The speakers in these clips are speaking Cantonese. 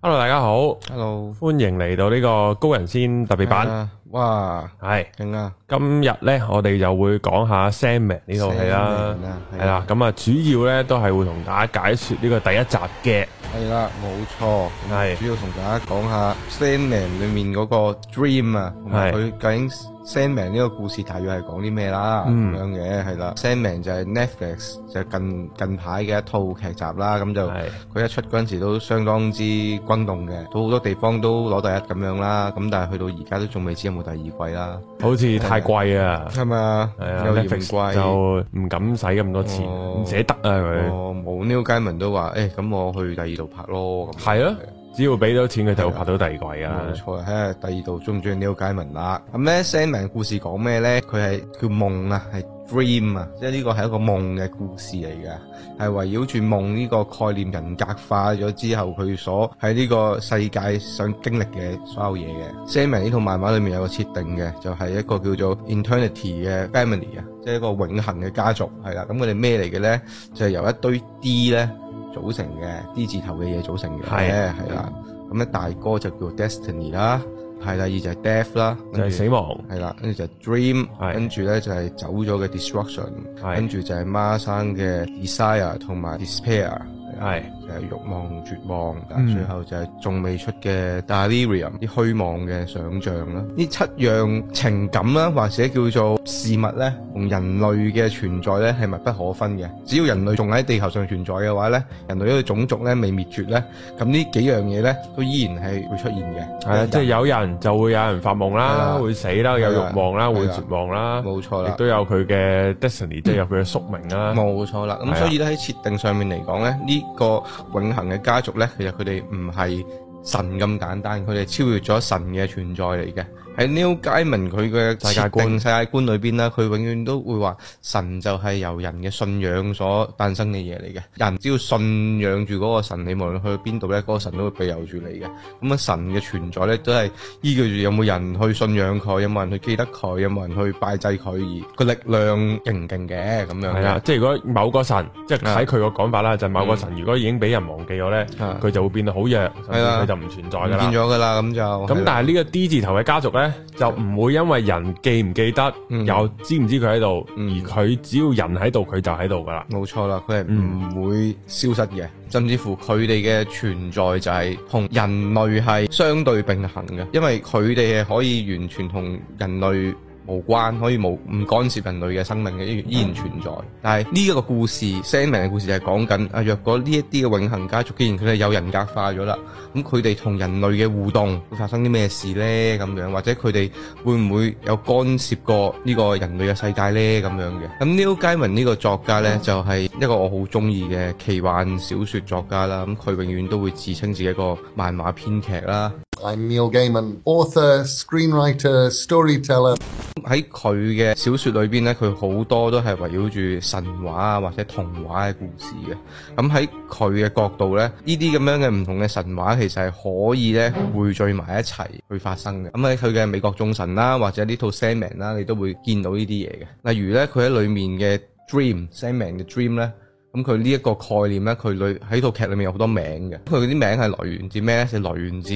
Hello，大家好，Hello。歡迎嚟到呢個高人先特別版。Yeah. 哇，係，勁啊，今日咧我哋就會講下《Sandman》呢套戲啦，係啦，咁啊主要咧都係會同大家解說呢個第一集嘅，係啦，冇錯，係，主要同大家講下《Sandman》裏面嗰個 Dream 啊，係，佢究竟《Sandman》呢個故事大約係講啲咩啦，咁樣嘅，係啦，《Sandman》就係 Netflix 就係近近排嘅一套劇集啦，咁就，佢一出嗰陣時都相當之轟動嘅，到好多地方都攞第一咁樣啦，咁但係去到而家都仲未知有冇。第二季啦，好似太貴啊，係咪啊？又嫌有 Netflix 貴，就唔敢使咁多錢，唔、哦、捨得啊！佢，冇 New 街民都話，誒、欸，咁我去第二度拍咯。係啊，就只要俾到錢，啊，佢就拍到第二季啊！冇錯啊，嚇！第二度中唔中意 New 街民啊？咁咧，聲名、嗯、故事講咩咧？佢係叫夢啊，係。Dream 啊，即係呢個係一個夢嘅故事嚟嘅，係圍繞住夢呢個概念人格化咗之後，佢所喺呢個世界上經歷嘅所有嘢嘅。Sandman 呢套漫畫裏面有個設定嘅，就係、是、一個叫做 Eternity 嘅 Family 啊，即係一個永恆嘅家族係啦。咁佢哋咩嚟嘅咧？就係、是、由一堆 D 咧組成嘅 D 字頭嘅嘢組成嘅，係係的的啦。咁咧大哥就叫 Destiny 啦。係啦，二就係 death 啦，就係死亡，係啦，跟住就 dream，跟住咧就係走咗嘅 destruction，跟住的就係孖生嘅 desire 同埋 despair，的誒、欲望、絕望，但最後就係仲未出嘅 Delirium，啲虛、嗯、妄嘅想象啦，呢七樣情感啦，或者叫做事物咧，同人類嘅存在咧係密不可分嘅。只要人類仲喺地球上存在嘅話咧，人類呢個種族咧未滅絕咧，咁呢幾樣嘢咧都依然係會出現嘅。係啦的，即係有人就會有人發夢啦，的會死啦，有欲望啦，的會絕望啦，冇錯啦，亦都有佢嘅 Destiny，即係有佢嘅宿命啦。冇錯啦，咁所以咧喺設定上面嚟講咧，呢的、這個。永恆嘅家族咧，其實佢哋唔係神咁簡單，佢哋超越咗神嘅存在嚟嘅。喺 Neil Gaiman 佢嘅設定世界觀裏邊咧，佢永遠都會話神就係由人嘅信仰所誕生嘅嘢嚟嘅。人只要信仰住嗰個神，你無論去到邊度咧，嗰個神都會庇佑住你嘅。咁啊，神嘅存在咧都係依據住有冇人去信仰佢，有冇人去記得佢，有冇人去拜祭佢而個力量勁唔勁嘅咁樣。係，即係如果某個神，即係喺佢個講法啦，的就某個神如果已經俾人忘記咗咧，佢的就會變得好弱，甚至佢就唔存在㗎啦。唔見咗㗎啦，咁就咁。但係呢個 D 字頭嘅家族咧。就唔會因為人記唔記得知知，又知唔知佢喺度，嗯、而佢只要人喺度，佢就喺度噶啦。冇錯啦，佢係唔會消失嘅。嗯、甚至乎佢哋嘅存在就係同人類係相對並行嘅，因為佢哋係可以完全同人類。無關可以無唔干涉人類嘅生命嘅依，依然存在，但係呢一個故事，Sandman 嘅故事就係講緊啊，若果呢一啲嘅永恆家族既然佢哋有人格化咗啦，咁佢哋同人類嘅互動會發生啲咩事呢？咁樣或者佢哋會唔會有干涉過呢個人類嘅世界呢？咁樣嘅咁 Neil Gaiman 呢個作家呢，嗯、就係一個我好中意嘅奇幻小說作家啦。咁佢永遠都會自稱自己一個漫畫編劇啦。I'm Neil Gaiman, author, screenwriter, storyteller. 喺佢嘅小說裏面，咧，佢好多都係圍繞住神話啊或者童話嘅故事嘅。咁喺佢嘅角度咧，呢啲咁樣嘅唔同嘅神話其實係可以咧匯聚埋一齊去發生嘅。咁喺佢嘅美國眾神啦，或者呢套《Sandman》啦，你都會見到呢啲嘢嘅。例如咧，佢喺裏面嘅《Dream》《Sandman》嘅《Dream》咧。咁佢呢一個概念咧，佢裏喺套劇裏面有好多名嘅，佢嗰啲名係來源自咩咧？就來源自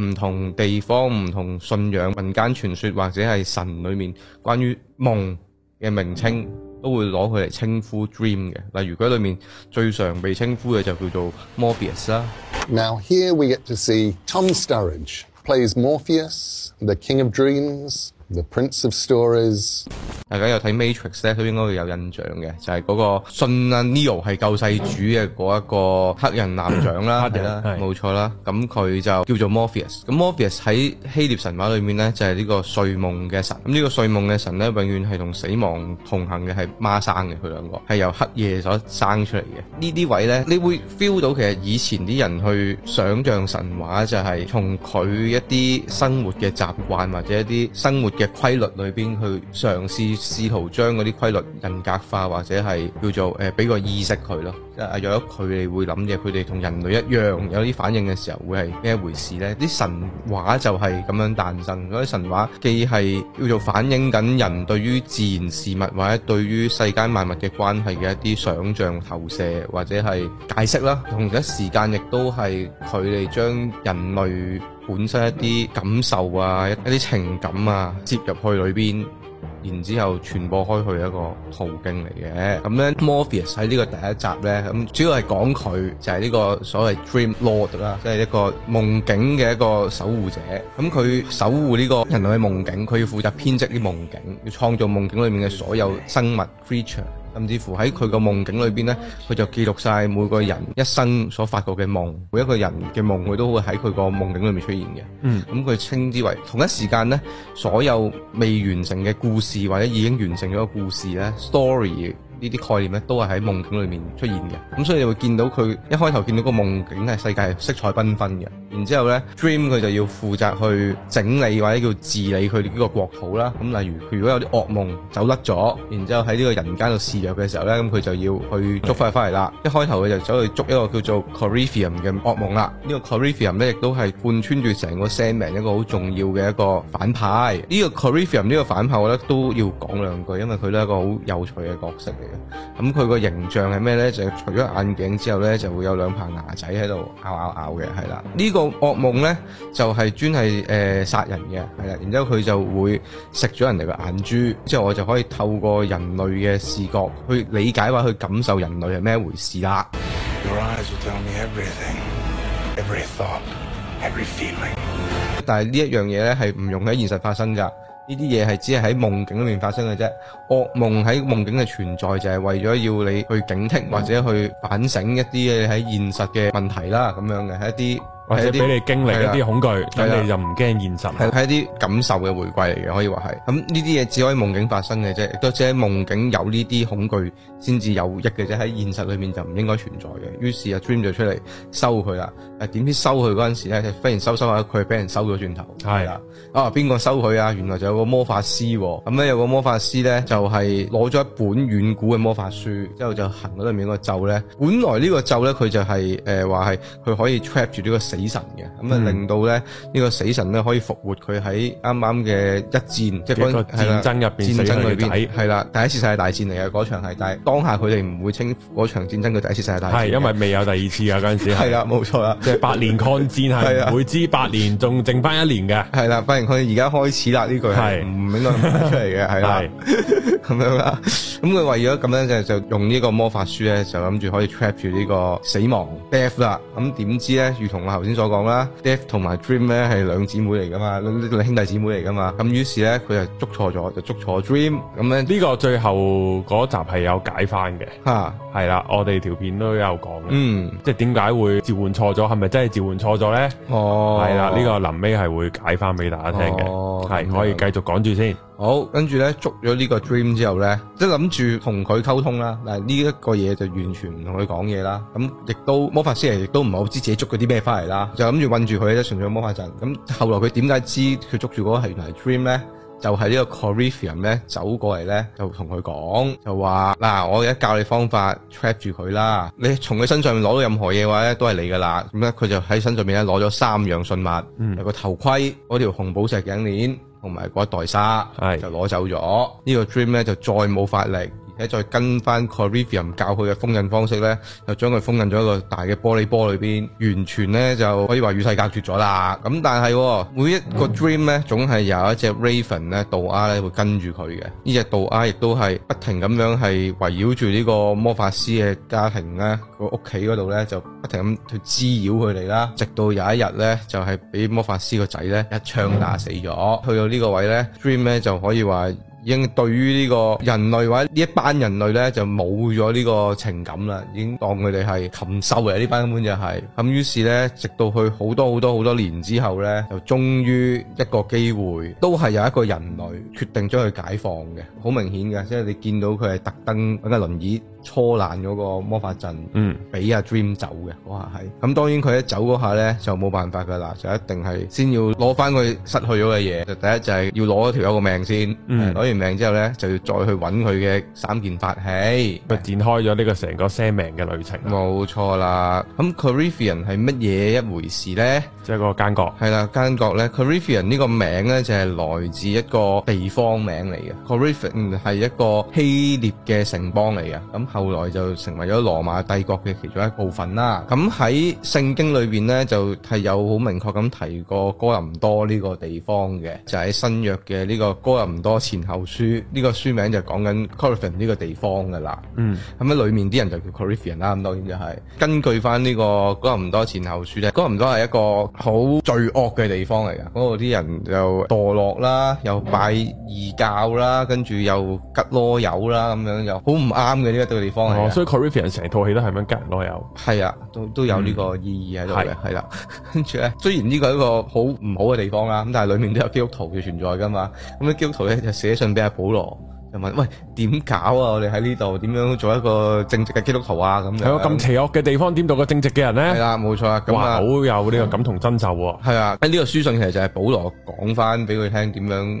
唔同地方、唔同信仰、民間傳說或者係神裏面關於夢嘅名稱，都會攞佢嚟稱呼 dream 嘅。例如佢裏面最常被稱呼嘅就叫做 Morpheus 啦。Now here we get to see Tom Sturridge plays Morpheus, the King of Dreams. The Prince of Stories，大家有睇 Matrix 咧，都應該會有印象嘅，就係、是、嗰個信、啊、Neo 係救世主嘅嗰一個黑人男長啦，黑人啦，冇錯啦。咁佢就叫做 Morpheus。咁 Morpheus 喺希臘神話裏面咧，就係、是、呢個睡夢嘅神。咁呢個睡夢嘅神咧，永遠係同死亡同行嘅，係孖生嘅，佢兩個係由黑夜所生出嚟嘅。呢啲位咧，你會 feel 到其實以前啲人去想象神話就係從佢一啲生活嘅習慣或者一啲生活。嘅規律裏面去嘗試試圖將嗰啲規律人格化，或者係叫做誒俾、呃、個意識佢咯，即係若果佢哋會諗嘅，佢哋同人類一樣有啲反應嘅時候，會係咩回事呢？啲神話就係咁樣誕生，嗰啲神話既係叫做反映緊人對於自然事物或者對於世間萬物嘅關係嘅一啲想像投射，或者係解釋啦。同埋時，時間亦都係佢哋將人類本身一啲感受啊，一啲情感啊，接入去裏邊，然之後傳播開去一個途徑嚟嘅。咁咧，Morpheus 喺呢個第一集咧，咁主要係講佢就係呢個所謂 Dream Lord 啦，即係一個夢境嘅一個守護者。咁佢守護呢個人類嘅夢境，佢要負責編織啲夢境，要創造夢境裏面嘅所有生物 creature。甚至乎喺佢個夢境裏邊咧，佢就記錄晒每個人一生所發過嘅夢，每一個人嘅夢佢都會喺佢個夢境裏面出現嘅。嗯。咁佢稱之為同一時間咧，所有未完成嘅故事或者已經完成咗嘅故事咧，story。呢啲概念咧都係喺夢境裏面出現嘅，咁所以你會見到佢一開頭見到個夢境係世界色彩繽紛嘅，然之後呢 dream 佢就要負責去整理或者叫治理佢哋呢個國土啦。咁例如佢如果有啲惡夢走甩咗，然之後喺呢個人間度肆虐嘅時候呢，咁佢就要去捉翻佢翻嚟啦。一開頭佢就走去捉一個叫做 Corinthian 嘅惡夢啦。呢個 Corinthian 咧亦都係貫穿住成個 Sandman 一個好重要嘅一個反派。呢個 Corinthian 呢個反派我覺得都要講兩句，因為佢都係一個好有趣嘅角色嚟。咁佢個形象係咩咧？就是、除咗眼鏡之後咧，就會有兩排牙仔喺度咬咬咬嘅，係啦。呢、這個噩夢咧就係、是、專係誒、呃、殺人嘅，係啦。然之後佢就會食咗人哋個眼珠，之後我就可以透過人類嘅視覺去理解或去感受人類係咩回事啦。Your eyes tell me everything, every thought, every feeling. 但係呢一樣嘢咧係唔容喺現實發生噶。呢啲嘢係只係喺夢境裏面發生嘅啫，惡夢喺夢境嘅存在就係為咗要你去警惕或者去反省一啲你喺現實嘅問題啦，咁樣嘅一啲。或者俾你經歷一啲恐懼，但你就唔驚現實。係一啲感受嘅回饋嚟嘅，可以話係。咁呢啲嘢只可以夢境發生嘅啫，亦都只喺夢境有呢啲恐懼先至有益嘅啫。喺現實裏面就唔應該存在嘅。於是啊，dream 就出嚟收佢啦。誒點知收佢嗰陣時咧，忽然收收下，佢係俾人收咗轉頭。係啦的，啊邊個收佢啊？原來就有個魔法師，哦。咁咧有個魔法師咧，就係攞咗一本遠古嘅魔法書，之後就行入面個咒咧。本來呢個咒咧，佢就係誒話係佢可以 trap 住呢個死神嘅。咁啊，令到咧呢個死神咧可以復活佢喺啱啱嘅一戰，即係軍戰爭入戰爭裏邊係啦，第一次世界大戰嚟嘅嗰場係，但係當下佢哋唔會稱嗰場戰爭嘅第一次世界大戰係，因為未有第二次啊嗰陣時係啦冇錯啦，即係八年抗戰係啊，每支八年仲剩翻一年嘅係啦，反而佢而家開始啦，呢句係唔應該咁講出嚟嘅係啦，咁樣啦，咁佢為咗咁樣就就用呢個魔法書咧就諗住可以 trap 住呢個死亡 death 啦，咁點知咧，如同我所講啦，Death 同埋 Dream 咧係兩姊妹嚟噶嘛，兩兄弟姊妹嚟噶嘛，咁於是咧佢就捉錯咗，就捉錯 Dream，咁咧呢個最後嗰集係有解翻嘅吓。係啦，我哋條片都有講嘅，嗯，即係點解會召喚錯咗？係咪真係召喚錯咗咧？哦，係啦，呢、這個臨尾係會解翻俾大家聽嘅，係、哦、可以繼續講住先。好，跟住咧捉咗呢個 dream 之後咧，即係諗住同佢溝通啦。嗱，呢一個嘢就完全唔同佢講嘢啦。咁亦都魔法師亦都唔係好知自己捉嗰啲咩翻嚟啦，就諗住困住佢啫，純粹魔法陣。咁後來佢點解知佢捉住嗰個係原嚟 dream 咧？就係呢個 Corinthian 咧走過嚟咧，就同佢講，就話嗱，啊，我而家教你方法 trap 住佢啦。你從佢身上面攞到任何嘢嘅話咧，都係你噶啦。咁咧，佢就喺身上面咧攞咗三樣信物，嗯、有個頭盔，嗰條紅寶石頸鏈，同埋嗰一袋沙，是就攞走咗。這個、呢個 Dream 咧就再冇法力。一再跟翻 Corvium i 教佢嘅封印方式咧，就將佢封印咗一個大嘅玻璃波裏邊，完全咧就可以話與世隔絕咗啦。咁但係、啊、每一個 Dream 咧，總係有一隻 Raven 咧，渡鴉咧，會跟住佢嘅。呢隻渡鴉亦都係不停咁樣係圍繞住呢個魔法師嘅家庭咧，個屋企嗰度咧就不停咁去滋擾佢哋啦。直到有一日咧，就係、是、俾魔法師個仔咧一槍打死咗。去到呢個位咧，Dream 咧就可以話。已經對於呢個人類或者呢一班人類咧，就冇咗呢個情感啦，已經當佢哋係禽獸嚟，這就是，呢班根本就係。咁於是咧，直到去好多好多好多年之後咧，就終於一個機會，都係有一個人類決定咗去解放嘅，好明顯嘅，即係你見到佢係特登揾個輪椅，搓爛嗰個魔法陣，俾阿 Dream 走嘅，我話係。咁當然佢一走嗰下咧，就冇辦法噶啦，就一定係先要攞翻佢失去咗嘅嘢。就第一就係要攞條友個命先，攞完命之後咧，就要再去揾佢嘅三件法器。佢展開咗呢個成個生命嘅旅程。冇錯啦。咁 Corinthian 係乜嘢一回事咧？即係個間角。係啦，間角咧 Corinthian 呢個名咧就係來自一個地方名嚟嘅。Corinthian 係一個希臘嘅城邦嚟嘅。咁。後來就成為咗羅馬帝國嘅其中一部分啦。咁喺聖經裏邊咧，就係有好明確咁提過哥林多呢個地方嘅，就喺新約嘅呢個哥林多前後書呢個書名就講緊 Corinth 呢個地方噶啦。嗯，咁喺裏面啲人就叫 Corinthian 啦，咁當然就係根據翻呢個哥林多前後書咧，哥林多係一個好罪惡嘅地方嚟噶，嗰度啲人就墮落啦，又拜異教啦，跟住又吉囉友啦，咁樣又好唔啱嘅呢個對。方哦、所以 Corinthian 成套戲都係咁樣隔人左右，係啊，都都有呢個意義喺度嘅，係啦、嗯。跟住咧，是的 雖然呢個係一個好唔好嘅地方啦，咁但係裏面都有基督徒嘅存在噶嘛。咁啲基督徒咧就寫信俾阿保羅，就問：喂，點搞啊？我哋喺呢度點樣做一個正直嘅基督徒啊？咁樣有咁邪惡嘅地方點做個正直嘅人咧？係啦，冇錯啦。哇，好有呢個感同身受喎。係、嗯、啊，喺呢個書信其實就係保羅講翻俾佢聽點樣。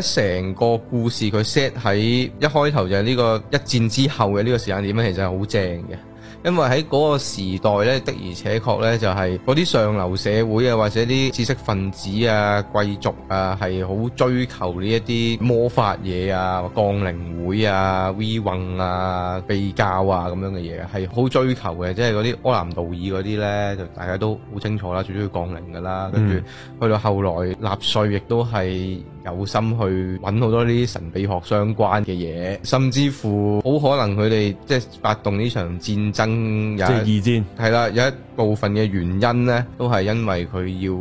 成個故事佢 set 喺一開頭就係呢個一戰之後嘅呢個時間點咧，其實係好正嘅。因為喺嗰個時代咧，的而且確咧就係嗰啲上流社會啊，或者啲知識分子啊、貴族啊，係好追求呢一啲魔法嘢啊、降靈會啊、we r 啊、秘教啊咁樣嘅嘢，係好追求嘅。即係嗰啲柯南道爾嗰啲咧，就大家都好清楚啦，最中意降靈噶啦。跟住去到後來納粹亦都係。有心去揾好多啲神秘學相關嘅嘢，甚至乎好可能佢哋即係發動呢場戰爭有，即係二戰係啦，有。一部分嘅原因咧，都係因為佢要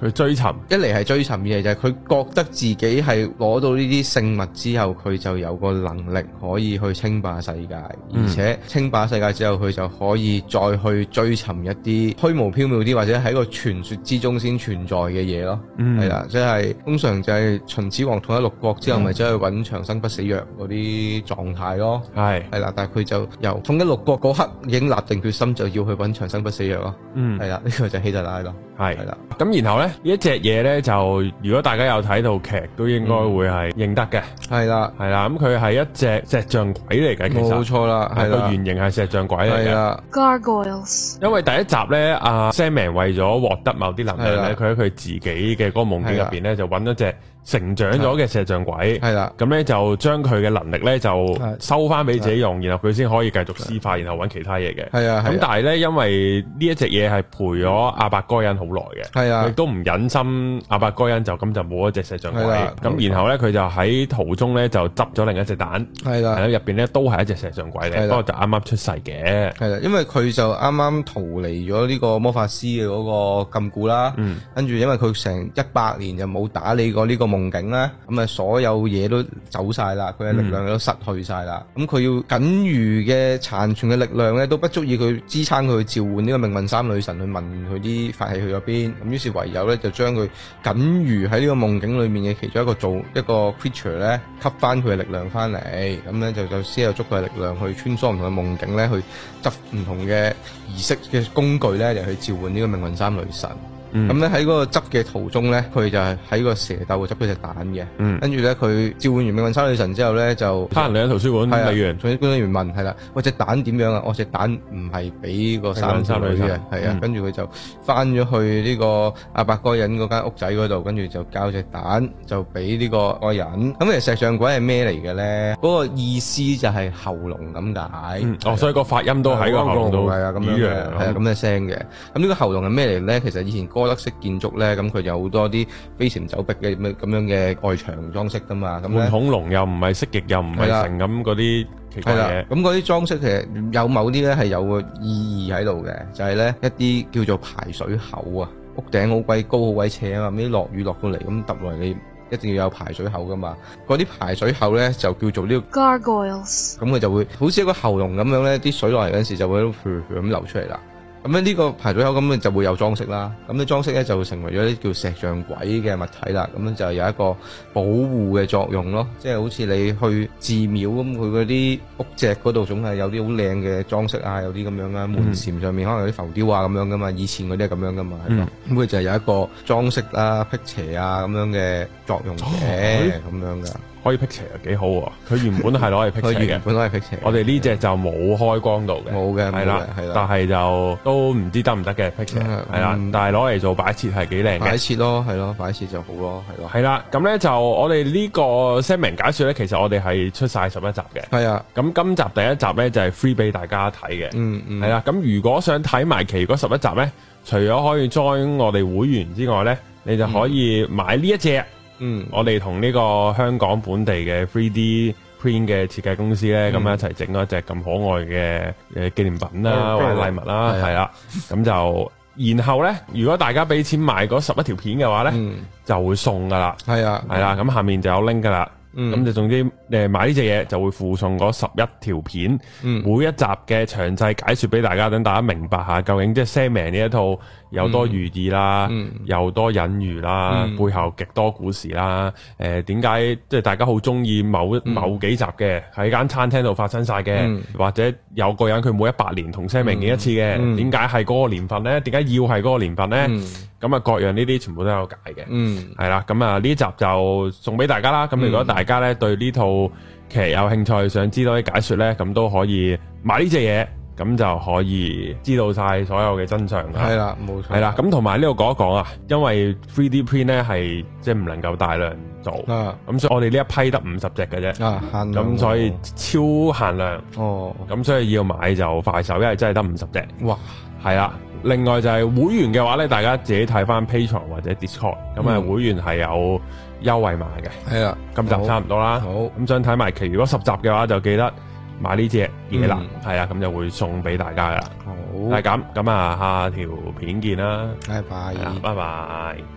佢追尋，一嚟係追尋，嘅，嘢就係、是、佢覺得自己係攞到呢啲聖物之後，佢就有個能力可以去稱霸世界，嗯、而且稱霸世界之後，佢就可以再去追尋一啲虛無縹緲啲或者喺個傳說之中先存在嘅嘢咯。係啦、嗯，即係、就是、通常就係秦始皇統一六國之後咪走、嗯、去揾長生不死藥嗰啲狀態咯。係係啦，但係佢就由統一六國嗰刻已經立定決心，就要去揾長生不死藥。嗯，係啦，呢個就係希特拉咯，係係啦，咁然後咧，呢一隻嘢咧就，如果大家有睇到劇，都應該會係認得嘅，係啦，係啦，咁佢係一隻石像鬼嚟嘅，其實，冇錯啦，係個原型係石像鬼嚟嘅，Gargoyles，因為第一集咧，阿 Sammy 為咗獲得某啲能量咧，佢喺佢自己嘅嗰個夢境入邊咧，就揾咗隻成長咗嘅石像鬼，係啦，咁咧就將佢嘅能力咧就收翻俾自己用，然後佢先可以繼續施法，然後揾其他嘢嘅，係啊，咁但係咧因為呢。一隻嘢係陪咗阿伯哥恩好耐嘅，係啊的，佢都唔忍心阿伯哥恩就咁就冇咗一隻石像鬼，咁的然後咧佢就喺途中咧就執咗另一隻蛋，係啦的，入邊咧都係一隻石像鬼嚟。的不過就啱啱出世嘅，係啦，因為佢就啱啱逃離咗呢個魔法師嘅嗰個禁錮啦，嗯，跟住因為佢成一百年就冇打理過呢個夢境啦，咁啊所有嘢都走晒啦，佢嘅力量都失去晒啦，咁佢、嗯、要僅餘嘅殘存嘅力量咧都不足以佢支撐佢去召喚呢個命令。命運三女神去問佢啲法器去咗邊，咁於是唯有咧就將佢僅如喺呢個夢境裏面嘅其中一個做一個 creature 咧吸翻佢嘅力量翻嚟，咁咧就就先有足夠嘅力量去穿梭唔同嘅夢境咧去執唔同嘅儀式嘅工具咧，嚟去召喚呢個命運三女神。咁咧喺嗰個執嘅途中咧，佢就係喺個蛇竇度執佢隻蛋嘅。嗯，跟住咧佢召喚完命運三女神之後咧就。他人嚟喺圖書館。係啊。咁啲管理員問係啦，我隻蛋點樣啊？我隻蛋唔係俾個三女神，係啊。跟住佢就翻咗去呢個阿伯果人嗰間屋仔嗰度，跟住就交隻蛋就俾呢個愛人。咁其實石像鬼係咩嚟嘅咧？嗰個意思就係喉嚨咁解。哦，所以個發音都喺個喉嚨度。係啊，咁樣嘅。係啊，咁嘅聲嘅。咁呢個喉嚨係咩嚟咧？其實以前中式建築咧，咁佢有好多啲飛檐走壁嘅咁樣嘅外牆裝飾噶嘛，咁咧。恐龍又唔係蜥蜴，又唔係成咁嗰啲奇怪嘢。咁嗰啲裝飾其實有某啲咧係有個意義喺度嘅，就係咧一啲叫做排水口啊。屋頂好鬼高好鬼斜啊嘛，啲落雨落到嚟咁揼落嚟，你一定要有排水口噶嘛。嗰啲排水口咧就叫做呢個 Gargoyle，咁佢就會好似一個喉嚨咁樣咧，啲水落嚟嗰陣時就會咁流出嚟啦。咁呢個排水口咁就會有裝飾啦。咁啲裝飾咧就成為咗啲叫石像鬼嘅物體啦。咁就有一個保護嘅作用咯。即係好似你去寺廟咁，佢嗰啲屋脊嗰度總係有啲好靚嘅裝飾啊，有啲咁樣啊，門簾上面可能有啲浮雕啊咁樣噶嘛。以前嗰啲係咁樣噶嘛。咁佢、嗯、就係有一個裝飾啦、辟邪啊咁樣嘅作用嘅咁、哦、樣噶。可以劈斜又幾好喎，佢原本都係攞嚟劈斜嘅。佢原本都係劈斜。我哋呢隻就冇開光度嘅。冇嘅，係啦，係啦。但係就都唔知得唔得嘅劈斜，係啦。但係攞嚟做擺設係幾靚嘅。擺設咯，係咯，擺設就好咯，係咯。係啦，咁咧就我哋呢個 Sandman 解說咧，其實我哋係出晒十一集嘅。係啊。咁今集第一集咧就係 free 俾大家睇嘅。嗯嗯。係啦，咁如果想睇埋其餘嗰十一集咧，除咗可以 join 我哋會員之外咧，你就可以買呢一隻。嗯，我哋同呢個香港本地嘅 3D print 嘅設計公司咧，咁樣、嗯、一齊整一隻咁可愛嘅誒紀念品啦、啊、或者禮、啊、物啦，係啦，咁就然後咧，如果大家俾錢買嗰十一條片嘅話咧，嗯、就會送噶啦，係啊的，係啦的，咁下面就有 link 噶啦。咁就、嗯、總之，誒買呢隻嘢就會附送嗰十一條片，嗯、每一集嘅詳細解說俾大家，等大家明白下究竟即係《Sandman》呢一套有多寓意啦，又、嗯嗯、多隱喻啦，嗯、背後極多故事啦。誒點解即係大家好中意某某幾集嘅喺間餐廳度發生晒嘅，嗯、或者有個人佢每一百年同《Sandman》嘅一次嘅，點解係嗰個年份呢？點解要係嗰個年份呢？咁啊、嗯，各樣呢啲全部都有解嘅，係啦、嗯。咁啊，呢集就送俾大家啦。咁如果大家、嗯大家咧對呢套劇有興趣，想知道啲解說咧，咁都可以買呢隻嘢，咁就可以知道晒所有嘅真相噶。係啦，冇錯。係啦，咁同埋呢度講一講啊，因為 3D print 咧係即係唔能夠大量做，咁的所以我哋呢一批得五十隻嘅啫，咁所以超限量。哦，咁所以要買就快手，因為真係得五十隻隻。哇，係啦。另外就係會員嘅話咧，大家自己睇翻 Patreon 或者 Discord，咁啊、嗯、會，會員係有。優惠買嘅，係啦的，今集差唔多啦。好，咁想睇埋其餘，如果十集嘅話，就記得買呢隻嘢啦。係啦，咁就會送俾大家噶。好，係咁，咁啊，下條片見啦。拜拜。係啊，拜拜。